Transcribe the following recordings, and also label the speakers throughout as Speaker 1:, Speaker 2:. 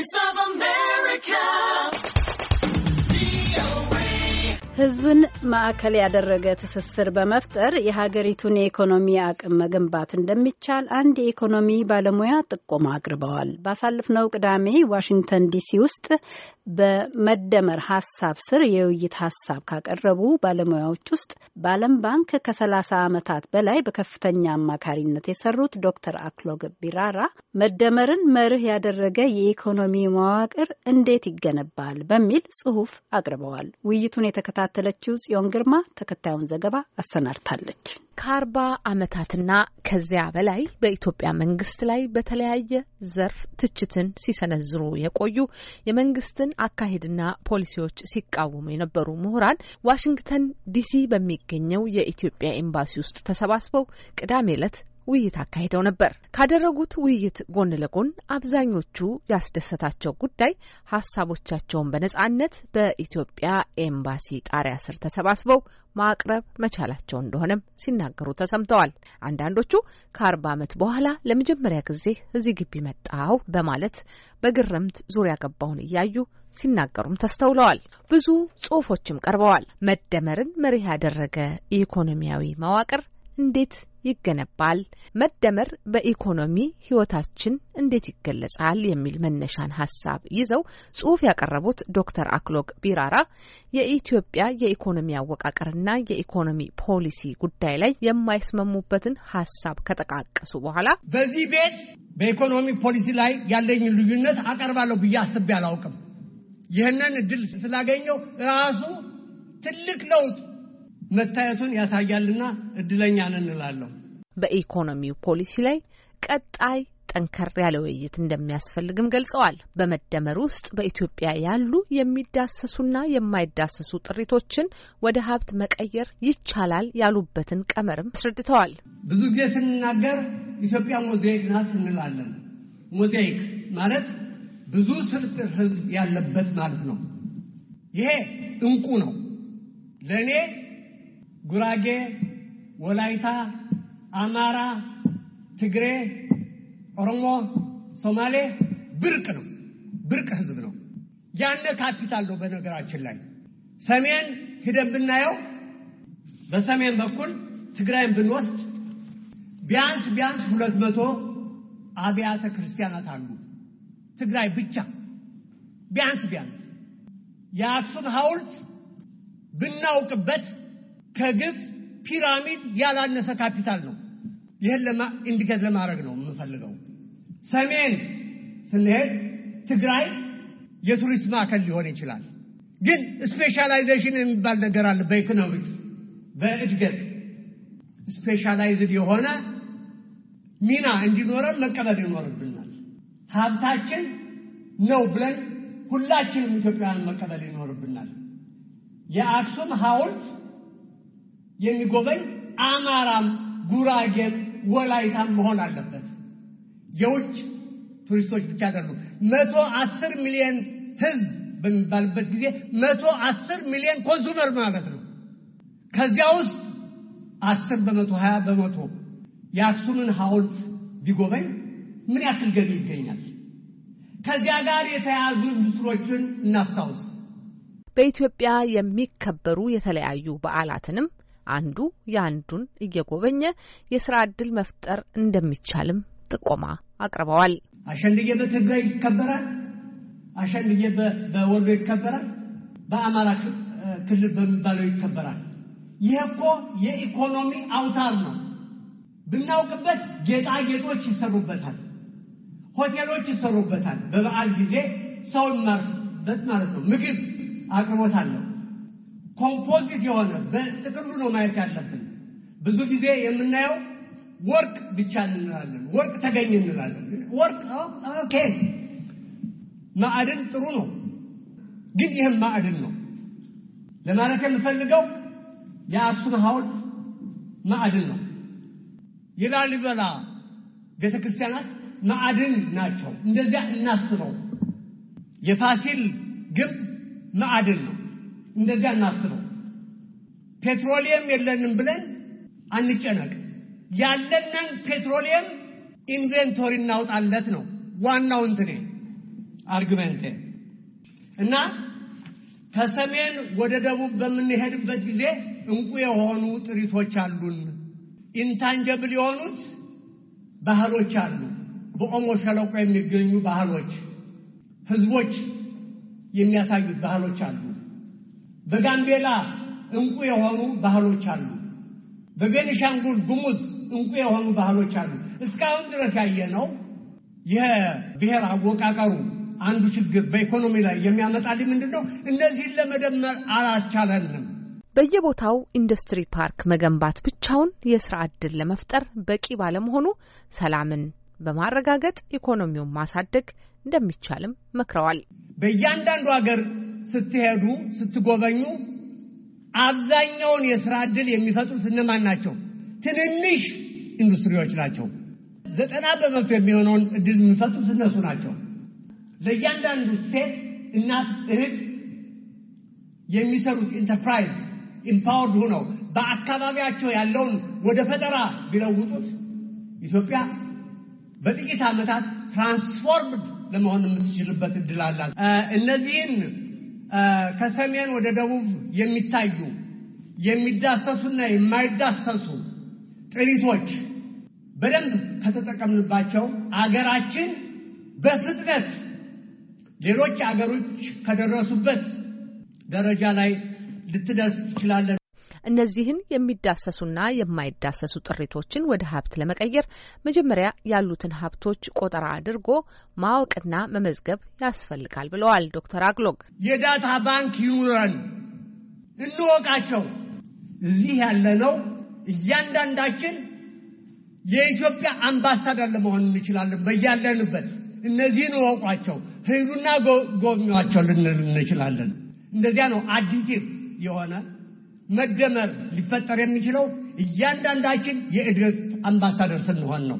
Speaker 1: Voice of them.
Speaker 2: ህዝብን ማዕከል ያደረገ ትስስር በመፍጠር የሀገሪቱን የኢኮኖሚ አቅም መገንባት እንደሚቻል አንድ የኢኮኖሚ ባለሙያ ጥቆማ አቅርበዋል። ባሳለፍነው ቅዳሜ ዋሽንግተን ዲሲ ውስጥ በመደመር ሀሳብ ስር የውይይት ሀሳብ ካቀረቡ ባለሙያዎች ውስጥ በዓለም ባንክ ከሰላሳ ዓመታት በላይ በከፍተኛ አማካሪነት የሰሩት ዶክተር አክሎግ ቢራራ መደመርን መርህ ያደረገ የኢኮኖሚ መዋቅር እንዴት ይገነባል በሚል ጽሁፍ አቅርበዋል። ውይይቱን የተከታ የተከታተለችው ጽዮን ግርማ ተከታዩን ዘገባ አሰናድታለች። ከአርባ ዓመታትና ከዚያ በላይ በኢትዮጵያ መንግስት ላይ በተለያየ ዘርፍ ትችትን ሲሰነዝሩ የቆዩ የመንግስትን አካሄድና ፖሊሲዎች ሲቃወሙ የነበሩ ምሁራን ዋሽንግተን ዲሲ በሚገኘው የኢትዮጵያ ኤምባሲ ውስጥ ተሰባስበው ቅዳሜ ዕለት ውይይት አካሂደው ነበር። ካደረጉት ውይይት ጎን ለጎን አብዛኞቹ ያስደሰታቸው ጉዳይ ሀሳቦቻቸውን በነጻነት በኢትዮጵያ ኤምባሲ ጣሪያ ስር ተሰባስበው ማቅረብ መቻላቸው እንደሆነም ሲናገሩ ተሰምተዋል። አንዳንዶቹ ከአርባ ዓመት በኋላ ለመጀመሪያ ጊዜ እዚህ ግቢ መጣው በማለት በግርምት ዙሪያ ገባውን እያዩ ሲናገሩም ተስተውለዋል። ብዙ ጽሁፎችም ቀርበዋል። መደመርን መርህ ያደረገ ኢኮኖሚያዊ መዋቅር እንዴት ይገነባል? መደመር በኢኮኖሚ ህይወታችን እንዴት ይገለጻል? የሚል መነሻን ሀሳብ ይዘው ጽሁፍ ያቀረቡት ዶክተር አክሎግ ቢራራ የኢትዮጵያ የኢኮኖሚ አወቃቀርና የኢኮኖሚ ፖሊሲ ጉዳይ ላይ የማይስማሙበትን
Speaker 1: ሀሳብ ከጠቃቀሱ በኋላ በዚህ ቤት በኢኮኖሚ ፖሊሲ ላይ ያለኝን ልዩነት አቀርባለሁ ብዬ አስቤ አላውቅም። ይህንን እድል ስላገኘው ራሱ ትልቅ ለውጥ መታየቱን ያሳያልና እድለኛ ነን እንላለሁ።
Speaker 2: በኢኮኖሚው ፖሊሲ ላይ ቀጣይ ጠንከር ያለ ውይይት እንደሚያስፈልግም ገልጸዋል። በመደመር ውስጥ በኢትዮጵያ ያሉ የሚዳሰሱና የማይዳሰሱ ጥሪቶችን ወደ ሀብት መቀየር ይቻላል ያሉበትን ቀመርም አስረድተዋል።
Speaker 1: ብዙ ጊዜ ስንናገር ኢትዮጵያ ሞዛይክ ናት እንላለን። ሞዛይክ ማለት ብዙ ስልጥ ሕዝብ ያለበት ማለት ነው። ይሄ እንቁ ነው ለእኔ ጉራጌ፣ ወላይታ፣ አማራ፣ ትግሬ፣ ኦሮሞ፣ ሶማሌ ብርቅ ነው። ብርቅ ህዝብ ነው። ያነ ካፒታል ነው። በነገራችን ላይ ሰሜን ሂደን ብናየው በሰሜን በኩል ትግራይን ብንወስድ ቢያንስ ቢያንስ ሁለት መቶ አብያተ ክርስቲያናት አሉ። ትግራይ ብቻ ቢያንስ ቢያንስ የአክሱም ሐውልት ብናውቅበት ከግብፅ ፒራሚድ ያላነሰ ካፒታል ነው። ይህን ኢንዲኬት ለማድረግ ነው የምንፈልገው። ሰሜን ስንሄድ ትግራይ የቱሪስት ማዕከል ሊሆን ይችላል። ግን ስፔሻላይዜሽን የሚባል ነገር አለ። በኢኮኖሚክስ በእድገት ስፔሻላይዝድ የሆነ ሚና እንዲኖረን መቀበል ይኖርብናል። ሀብታችን ነው ብለን ሁላችንም ኢትዮጵያውያን መቀበል ይኖርብናል። የአክሱም ሐውልት የሚጎበኝ አማራም ጉራጌም ወላይታም መሆን አለበት። የውጭ ቱሪስቶች ብቻ አይደሉ። መቶ አስር ሚሊዮን ህዝብ በሚባልበት ጊዜ መቶ አስር ሚሊዮን ኮንሱመር ማለት ነው። ከዚያ ውስጥ አስር በመቶ ሀያ በመቶ የአክሱምን ሐውልት ቢጎበኝ ምን ያክል ገቢ ይገኛል? ከዚያ ጋር የተያያዙ ኢንዱስትሪዎችን እናስታውስ።
Speaker 2: በኢትዮጵያ የሚከበሩ የተለያዩ በዓላትንም አንዱ የአንዱን እየጎበኘ የስራ ዕድል መፍጠር እንደሚቻልም ጥቆማ አቅርበዋል።
Speaker 1: አሸልዬ በትግራይ ይከበራል። አሸልዬ በወሎ ይከበራል። በአማራ ክልል በሚባለው ይከበራል። ይህ እኮ የኢኮኖሚ አውታር ነው። ብናውቅበት ጌጣጌጦች ይሰሩበታል፣ ሆቴሎች ይሰሩበታል። በበዓል ጊዜ ሰው ማርስበት ማለት ነው። ምግብ አቅርቦት አለው። ኮምፖዚት የሆነ በጥቅሉ ነው ማየት ያለብን። ብዙ ጊዜ የምናየው ወርቅ ብቻ እንላለን፣ ወርቅ ተገኝ እንላለን። ወርቅ ኦኬ፣ ማዕድን ጥሩ ነው፣ ግን ይህም ማዕድን ነው ለማለት የምፈልገው የአክሱም ሐውልት ማዕድን ነው። የላሊበላ ቤተ ክርስቲያናት ማዕድን ናቸው። እንደዚያ እናስበው። የፋሲል ግንብ ማዕድን ነው። እንደዚያ እናስበው። ፔትሮሊየም የለንም ብለን አንጨነቅ። ያለንን ፔትሮሊየም ኢንቬንቶሪ እናውጣለት ነው ዋናው እንትኔ አርግመንቴ እና ከሰሜን ወደ ደቡብ በምንሄድበት ጊዜ እንቁ የሆኑ ጥሪቶች አሉን። ኢንታንጀብል የሆኑት ባህሎች አሉ። በኦሞ ሸለቆ የሚገኙ ባህሎች፣ ህዝቦች የሚያሳዩት ባህሎች አሉ። በጋምቤላ እንቁ የሆኑ ባህሎች አሉ። በቤኒሻንጉል ጉሙዝ እንቁ የሆኑ ባህሎች አሉ። እስካሁን ድረስ ያየ ነው። የብሔር አወቃቀሩ አንዱ ችግር በኢኮኖሚ ላይ የሚያመጣልኝ ምንድን ነው? እነዚህን ለመደመር አላስቻለንም።
Speaker 2: በየቦታው ኢንዱስትሪ ፓርክ መገንባት ብቻውን የስራ ዕድል ለመፍጠር በቂ ባለመሆኑ ሰላምን በማረጋገጥ ኢኮኖሚውን ማሳደግ እንደሚቻልም
Speaker 1: መክረዋል። በእያንዳንዱ ሀገር ስትሄዱ ስትጎበኙ አብዛኛውን የስራ ዕድል የሚፈጥሩት እነማን ናቸው? ትንንሽ ኢንዱስትሪዎች ናቸው። ዘጠና በመቶ የሚሆነውን እድል የሚፈጥሩት እነሱ ናቸው። ለእያንዳንዱ ሴት እናት፣ እህት የሚሰሩት ኢንተርፕራይዝ ኢምፓወርድ ሆነው በአካባቢያቸው ያለውን ወደ ፈጠራ ቢለውጡት ኢትዮጵያ በጥቂት ዓመታት ትራንስፎርምድ ለመሆን የምትችልበት እድል አላት። እነዚህን ከሰሜን ወደ ደቡብ የሚታዩ የሚዳሰሱና የማይዳሰሱ ጥሪቶች በደንብ ከተጠቀምንባቸው አገራችን በፍጥነት ሌሎች አገሮች ከደረሱበት ደረጃ ላይ ልትደርስ ትችላለች።
Speaker 2: እነዚህን የሚዳሰሱና የማይዳሰሱ ጥሪቶችን ወደ ሀብት ለመቀየር መጀመሪያ ያሉትን ሀብቶች ቆጠራ አድርጎ ማወቅና መመዝገብ
Speaker 1: ያስፈልጋል ብለዋል ዶክተር አግሎግ የዳታ ባንክ ይውረን፣ እንወቃቸው። እዚህ ያለነው እያንዳንዳችን የኢትዮጵያ አምባሳደር ለመሆን እንችላለን። በያለንበት እነዚህን እወቋቸው፣ ሂዱና ጎብኟቸው ልንል እንችላለን። እንደዚያ ነው አዲቲቭ የሆነ መደመር ሊፈጠር የሚችለው እያንዳንዳችን የእድገት አምባሳደር ስንሆን ነው።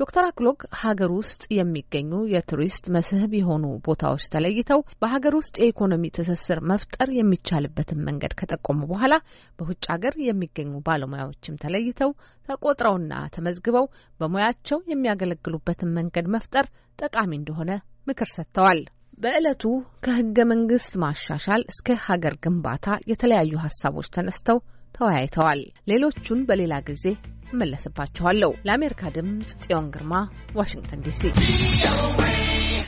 Speaker 2: ዶክተር አክሎግ ሀገር ውስጥ የሚገኙ የቱሪስት መስህብ የሆኑ ቦታዎች ተለይተው በሀገር ውስጥ የኢኮኖሚ ትስስር መፍጠር የሚቻልበትን መንገድ ከጠቆሙ በኋላ በውጭ ሀገር የሚገኙ ባለሙያዎችም ተለይተው ተቆጥረውና ተመዝግበው በሙያቸው የሚያገለግሉበትን መንገድ መፍጠር ጠቃሚ እንደሆነ ምክር ሰጥተዋል። በዕለቱ ከህገ መንግስት ማሻሻል እስከ ሀገር ግንባታ የተለያዩ ሀሳቦች ተነስተው ተወያይተዋል። ሌሎቹን በሌላ ጊዜ እመለስባቸዋለሁ። ለአሜሪካ ድምፅ ጽዮን ግርማ ዋሽንግተን ዲሲ